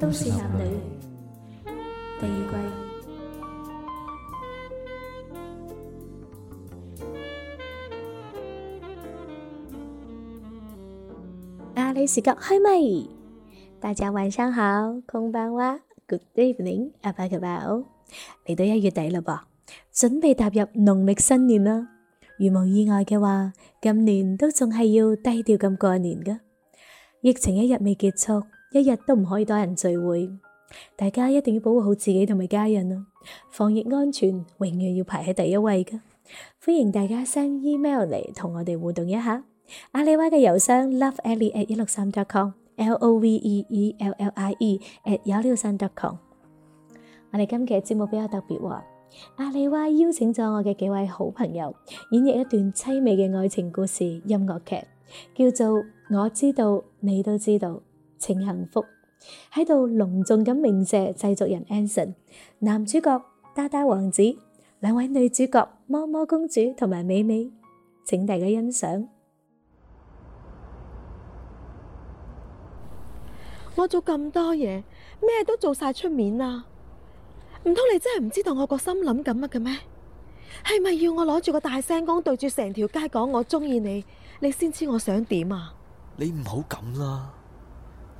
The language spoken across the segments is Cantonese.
都市男女第二季，阿里時隔開咪？大家晚上好，空班蛙 Good evening，阿爸嘅寶，嚟到一月底啦噃，準備踏入農曆新年啦。如無意外嘅話，今年都仲係要低調咁過年㗎，疫情一日未結束，一日都唔可以多人聚會，大家一定要保護好自己同埋家人啦。防疫安全永遠要排喺第一位噶。歡迎大家 send email 嚟同我哋互動一下。阿里娃嘅郵箱 love Ellie at 一六三 dot com，L O V E E L L I E at 一六三 dot com。我哋今期嘅節目比較特別，阿里娃邀請咗我嘅幾位好朋友演繹一段凄美嘅愛情故事音樂劇，叫做我知道你都知道。請幸福喺度隆重咁鳴謝製作人 Anson，男主角噠噠王子，兩位女主角摸摸公主同埋美美，請大家欣賞。我做咁多嘢，咩都做晒出面啦，唔通你真係唔知道我個心諗緊乜嘅咩？係咪要我攞住個大聲公對住成條街講我中意你，你先知我想點啊？你唔好咁啦。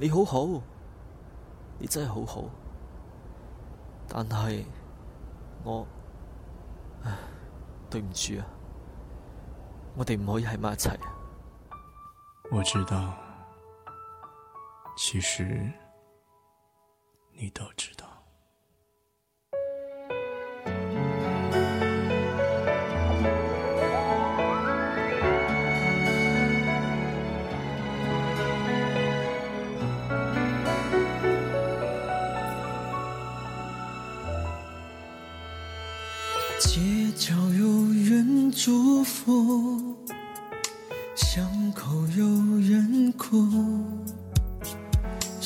你好好，你真係好好，但係我對唔住啊，我哋唔可以喺埋一齊啊！我知道，其實你都知道。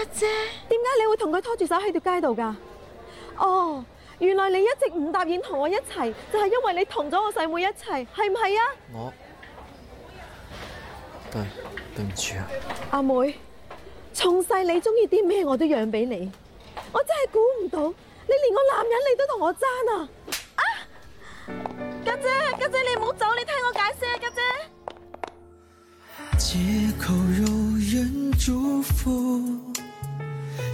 家姐，點解你會同佢拖住手喺條街度噶？哦，原來你一直唔答應同我一齊，就係因為你同咗我細妹一齊，係唔係啊？我對對唔住啊！阿妹，從細你中意啲咩我都讓俾你，我真係估唔到你連個男人你都同我爭啊！啊，家姐，家姐你唔好走，你聽我解釋啊，家姐。借祝福。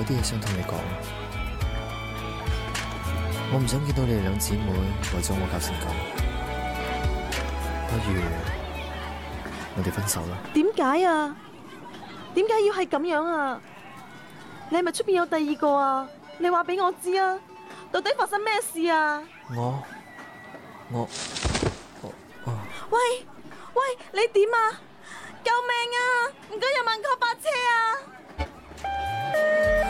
有啲嘢想同你講，我唔想見到你哋兩姊妹為咗我搞成咁，不如我哋分手啦。點解啊？點解要係咁樣啊？你係咪出邊有第二個啊？你話俾我知啊！到底發生咩事啊？我我，喂喂，你點啊？救命啊！唔該，有冇人過白車啊？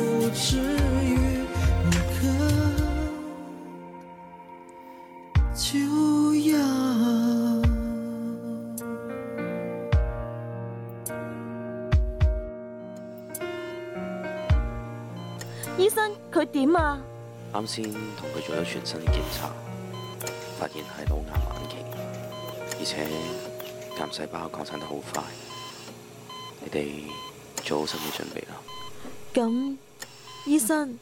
至可醫生佢點啊？啱先同佢做咗全身檢查，發現係腦癌晚期，而且癌細胞擴散得好快。你哋做好心理準備啦。咁。醫生，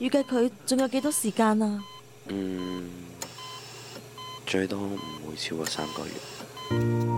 預計佢仲有幾多時間啊？嗯，最多唔會超過三個月。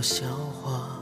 好笑話。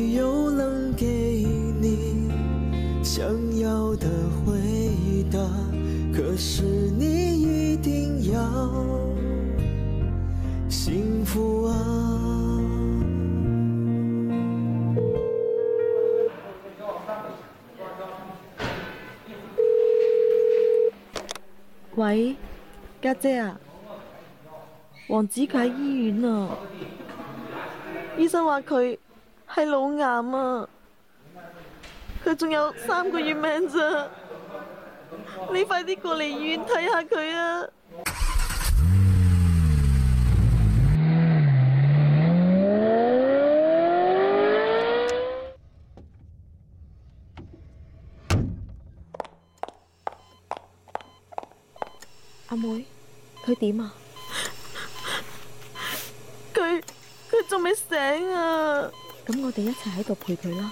是你一定要幸福啊！喂，家姐啊，王子佢喺醫院啊，醫生話佢係腦癌啊，佢仲有三個月命咋。你快啲過嚟醫院睇下佢啊！阿妹，佢點啊？佢，佢仲未醒啊！咁我哋一齊喺度陪佢啦。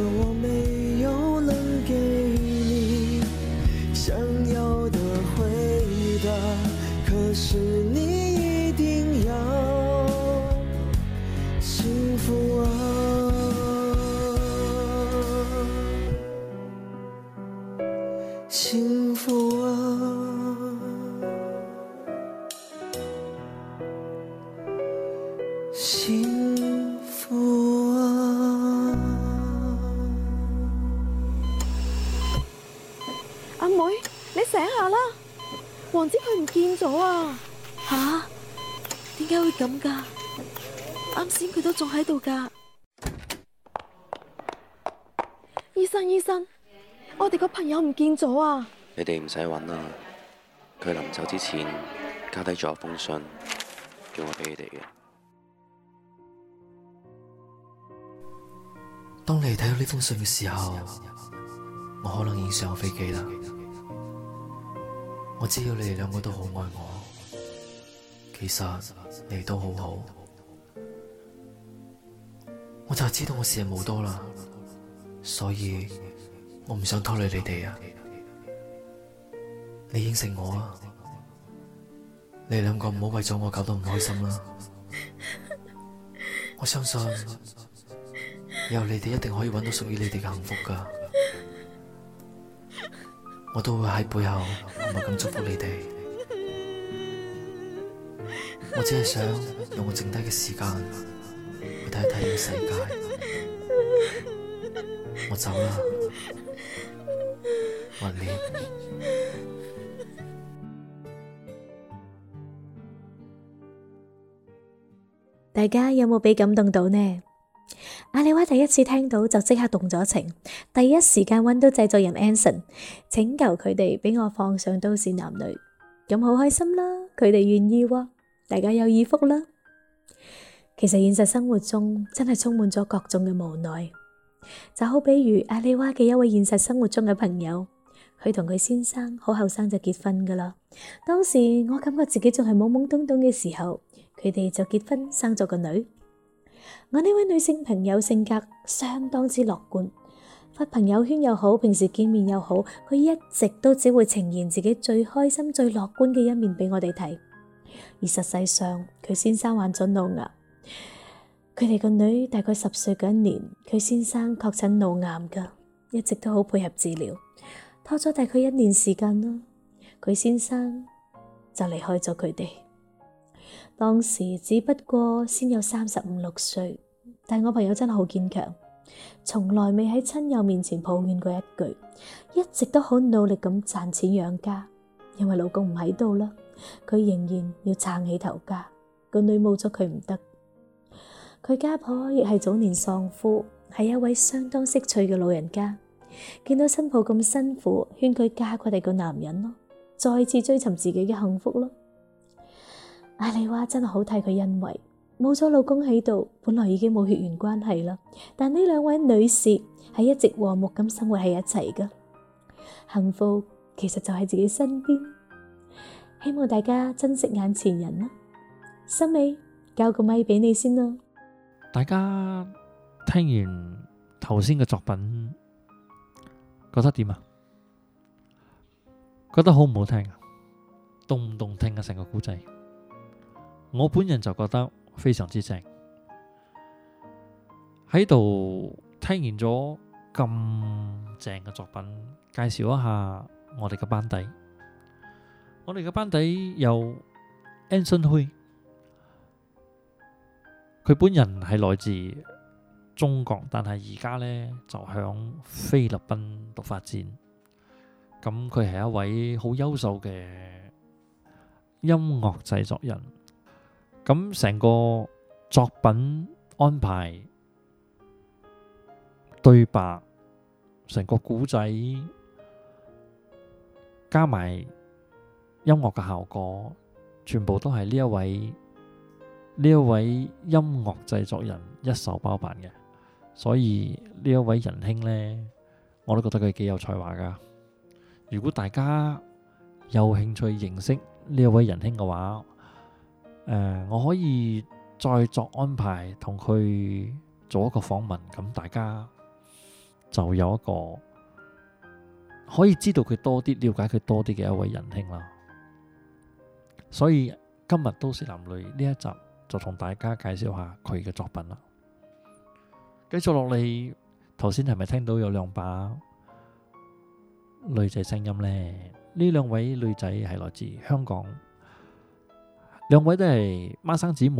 點解會咁噶？啱先佢都仲喺度噶。醫生，醫生，我哋個朋友唔見咗啊！你哋唔使搵啦，佢臨走之前交低咗封信，叫我俾你哋嘅。當你哋睇到呢封信嘅時候，我可能已經上咗飛機啦。我知道你哋兩個都好愛我。其實你都好好，我就知道我事日冇多啦，所以我唔想拖累你哋啊！你應承我啊！你兩個唔好為咗我搞到唔開心啦！我相信以後你哋一定可以搵到屬於你哋嘅幸福噶，我都會喺背後默默咁祝福你哋。我只係想用我剩低嘅時間去睇一睇呢個世界。我走啦，大家有冇俾感動到呢？阿里娃第一次聽到就即刻動咗情，第一時間揾到製作人 Anson，請求佢哋俾我放上《都市男女》，咁好開心啦！佢哋願意喎。大家有耳福啦！其實現實生活中真係充滿咗各種嘅無奈，就好比如阿里娃嘅一位現實生活中嘅朋友，佢同佢先生好後生就結婚噶啦。當時我感覺自己仲係懵懵懂懂嘅時候，佢哋就結婚生咗個女。我呢位女性朋友性格相當之樂觀，發朋友圈又好，平時見面又好，佢一直都只會呈現自己最開心、最樂觀嘅一面俾我哋睇。而實際上，佢先生患咗腦癌，佢哋個女大概十歲嗰一年，佢先生確診腦癌㗎，一直都好配合治療，拖咗大概一年時間啦，佢先生就離開咗佢哋。當時只不過先有三十五六歲，但我朋友真係好堅強，從來未喺親友面前抱怨過一句，一直都好努力咁賺錢養家，因為老公唔喺度啦。佢仍然要撐起頭家，個女冇咗佢唔得。佢家婆亦係早年喪夫，係一位相當識趣嘅老人家，見到新抱咁辛苦，勸佢嫁佢哋個男人咯，再次追尋自己嘅幸福咯。阿里娃真係好替佢欣慰，冇咗老公喺度，本來已經冇血緣關係啦，但呢兩位女士係一直和睦咁生活喺一齊噶，幸福其實就喺自己身邊。希望大家珍惜眼前人啦。森美，交個咪俾你先啦。大家聽完頭先嘅作品，覺得點啊？覺得好唔好聽啊？動唔動聽啊？成個古仔，我本人就覺得非常之正。喺度聽完咗咁正嘅作品，介紹一下我哋嘅班底。我哋嘅班底有 Anthony，佢本人係來自中國，但係而家咧，就響菲律賓度發展。咁佢係一位好優秀嘅音樂製作人。咁成個作品安排、對白、成個古仔，加埋。音樂嘅效果，全部都係呢一位呢一位音樂製作人一手包辦嘅，所以呢一位仁兄呢，我都覺得佢幾有才華㗎。如果大家有興趣認識呢一位仁兄嘅話，誒、呃，我可以再作安排同佢做一個訪問，咁大家就有一個可以知道佢多啲，了解佢多啲嘅一位仁兄啦。所以今日都市男女呢一集就同大家介紹下佢嘅作品啦。繼續落嚟，頭先係咪聽到有兩把女仔聲音咧？呢兩位女仔係來自香港，兩位都係孖生姊妹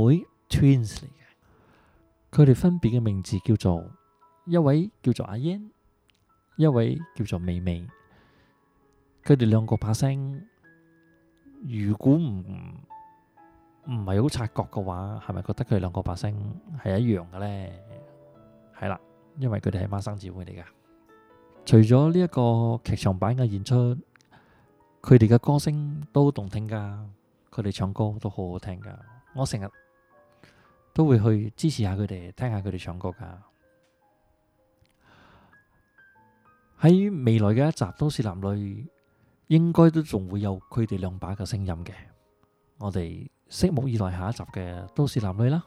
twins 嚟嘅。佢哋分別嘅名字叫做一位叫做阿嫣，一位叫做美美。佢哋兩個把聲。如果唔唔係好察覺嘅話，係咪覺得佢哋兩個把聲係一樣嘅呢？係啦，因為佢哋係孖生姊妹嚟噶。除咗呢一個劇場版嘅演出，佢哋嘅歌聲都好動聽噶，佢哋唱歌都好好聽噶。我成日都會去支持下佢哋，聽下佢哋唱歌噶。喺未來嘅一集，都市男女。應該都仲會有佢哋兩把嘅聲音嘅，我哋拭目以待下一集嘅，都市男女啦，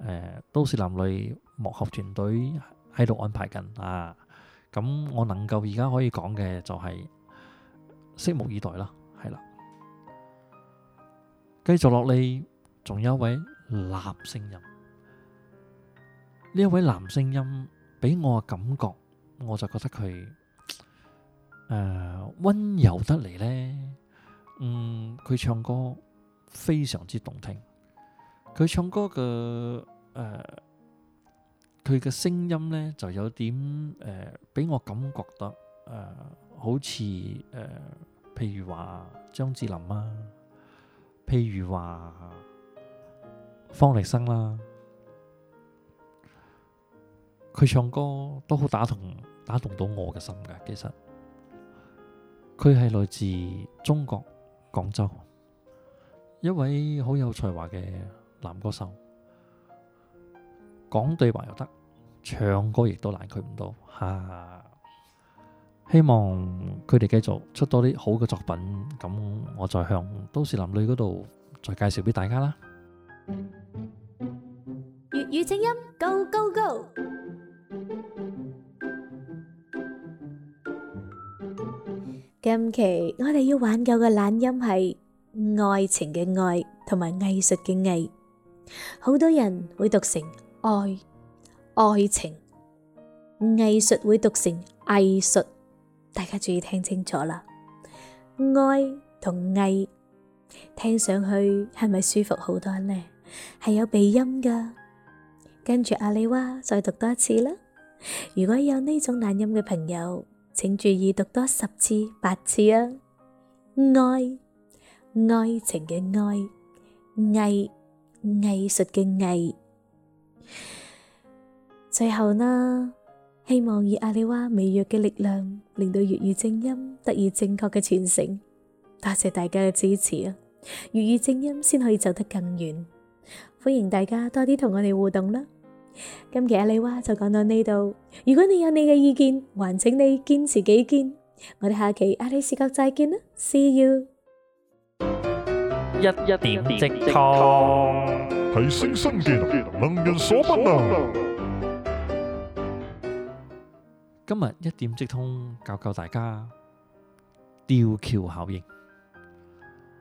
誒，都市男女幕後團隊喺度安排緊啊，咁我能夠而家可以講嘅就係拭目以待啦，係啦，繼續落嚟，仲有一位男聲音，呢一位男聲音俾我嘅感覺，我就覺得佢。誒，溫、呃、柔得嚟咧，嗯，佢唱歌非常之動聽。佢唱歌嘅誒，佢嘅聲音咧就有點誒，俾、呃、我感覺到誒、呃，好似誒、呃，譬如話張智霖啦、啊，譬如話方力申啦、啊，佢唱歌都好打動，打動到我嘅心㗎，其實。佢係來自中國廣州一位好有才華嘅男歌手，講對話又得，唱歌亦都難佢唔到，吓、啊！希望佢哋繼續出多啲好嘅作品，咁我再向都市男女嗰度再介紹俾大家啦。粵語正音 Go Go Go！近期我哋要挽救嘅懶音係愛情嘅愛同埋藝術嘅藝，好多人會讀成愛，愛情，藝術會讀成藝術，大家注意聽清楚啦。愛同藝聽上去係咪舒服好多呢？係有鼻音噶，跟住阿里娃再讀多一次啦。如果有呢種懶音嘅朋友。請注意讀多十次、八次啊！愛，愛情嘅愛，藝，藝術嘅藝。最後呢，希望以阿里娃微弱嘅力量，令到粵語正音得以正確嘅傳承。多謝大家嘅支持啊！粵語正音先可以走得更遠。歡迎大家多啲同我哋互動啦！今期阿里娃就講到呢度。如果你有你嘅意見，還請你堅持己見。我哋下期阿里視角再見啦，See you。一一點即通，提升身健，能人所不能。今日一點即通教教大家吊橋效應。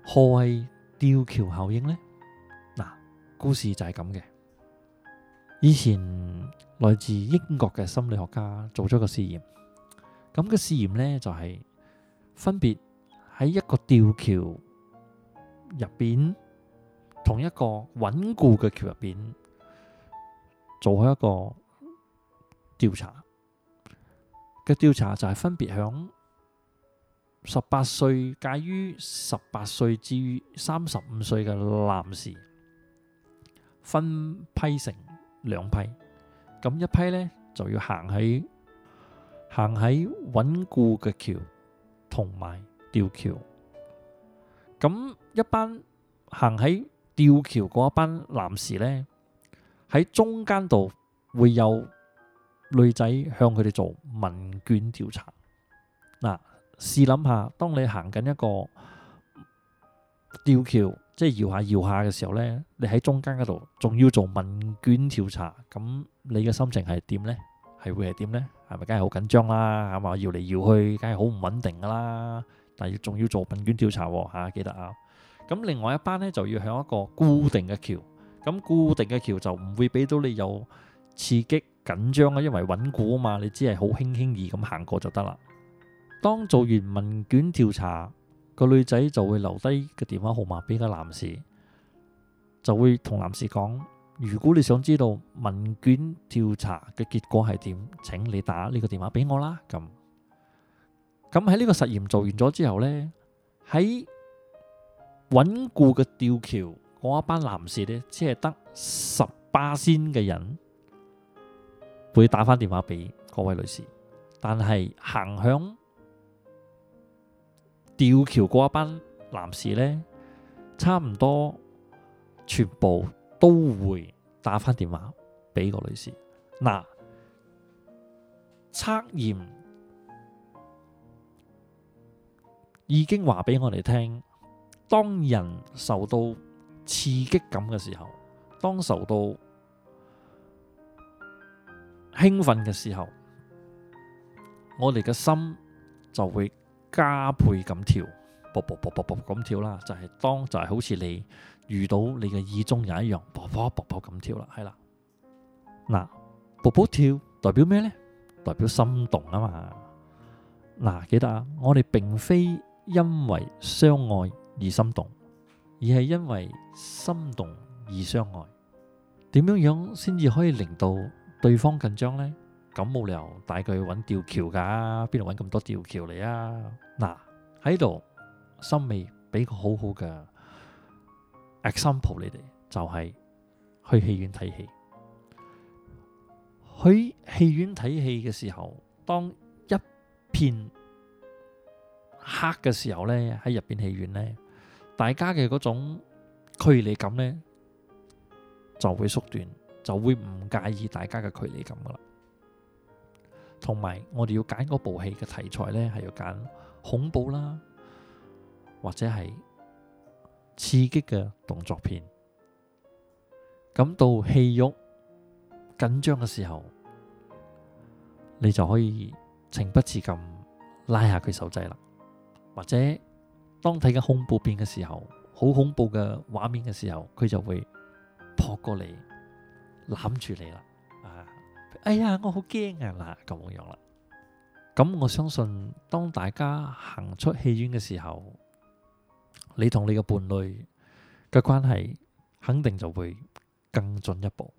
何謂吊橋效應呢？嗱，故事就係咁嘅。以前來自英國嘅心理學家做咗個試驗，咁個試驗咧就係、是、分別喺一個吊橋入邊同一個穩固嘅橋入邊做開一個調查嘅、這個、調查就係分別響十八歲介於十八歲至三十五歲嘅男士分批成。兩批，咁一批呢就要行喺行喺穩固嘅橋同埋吊橋，咁一班行喺吊橋嗰一班男士呢，喺中間度會有女仔向佢哋做問卷調查。嗱、啊，試諗下，當你行緊一個吊橋。即係搖下搖下嘅時候咧，你喺中間嗰度仲要做問卷調查，咁你嘅心情係點咧？係會係點咧？係咪梗係好緊張啦？係嘛，搖嚟搖去，梗係好唔穩定噶啦。但係仲要做問卷調查吓，記得啊。咁另外一班咧就要響一個固定嘅橋，咁固定嘅橋就唔會俾到你有刺激緊張啊，因為穩固啊嘛，你只係好輕輕易咁行過就得啦。當做完問卷調查。個女仔就會留低個電話號碼俾個男士，就會同男士講：如果你想知道問卷調查嘅結果係點，請你打呢個電話俾我啦。咁咁喺呢個實驗做完咗之後呢，喺穩固嘅吊橋，嗰一班男士呢，只係得十八仙嘅人會打翻電話俾嗰位女士，但係行向。吊橋嗰一班男士呢，差唔多全部都會打翻電話俾個女士。嗱，測驗已經話俾我哋聽，當人受到刺激感嘅時候，當受到興奮嘅時候，我哋嘅心就會。加倍咁跳，卜卜卜卜卜咁跳啦，就係當就係好似你遇到你嘅意中人一樣，卜卜卜卜咁跳啦，係啦，嗱，卜卜跳代表咩呢？代表心動啊嘛，嗱，記得啊，我哋並非因為相愛而心動，而係因為心動而相愛。點樣樣先至可以令到對方緊張呢？噉冇理由帶佢去揾吊橋噶、啊，邊度揾咁多吊橋嚟啊？嗱，喺度心味俾個好好嘅。Example，你哋就係、是、去戲院睇戲，去戲院睇戲嘅時候，當一片黑嘅時候呢，喺入邊戲院呢，大家嘅嗰種距離感呢，就會縮短，就會唔介意大家嘅距離感噶啦。同埋，我哋要揀嗰部戲嘅題材咧，係要揀恐怖啦，或者係刺激嘅動作片。感到戲肉緊張嘅時候，你就可以情不自禁拉下佢手仔啦。或者當睇緊恐怖片嘅時候，好恐怖嘅畫面嘅時候，佢就會撲過嚟攬住你啦。哎呀，我好驚啊！嗱、啊，咁樣啦，咁我相信當大家行出戲院嘅時候，你同你嘅伴侶嘅關係肯定就會更進一步。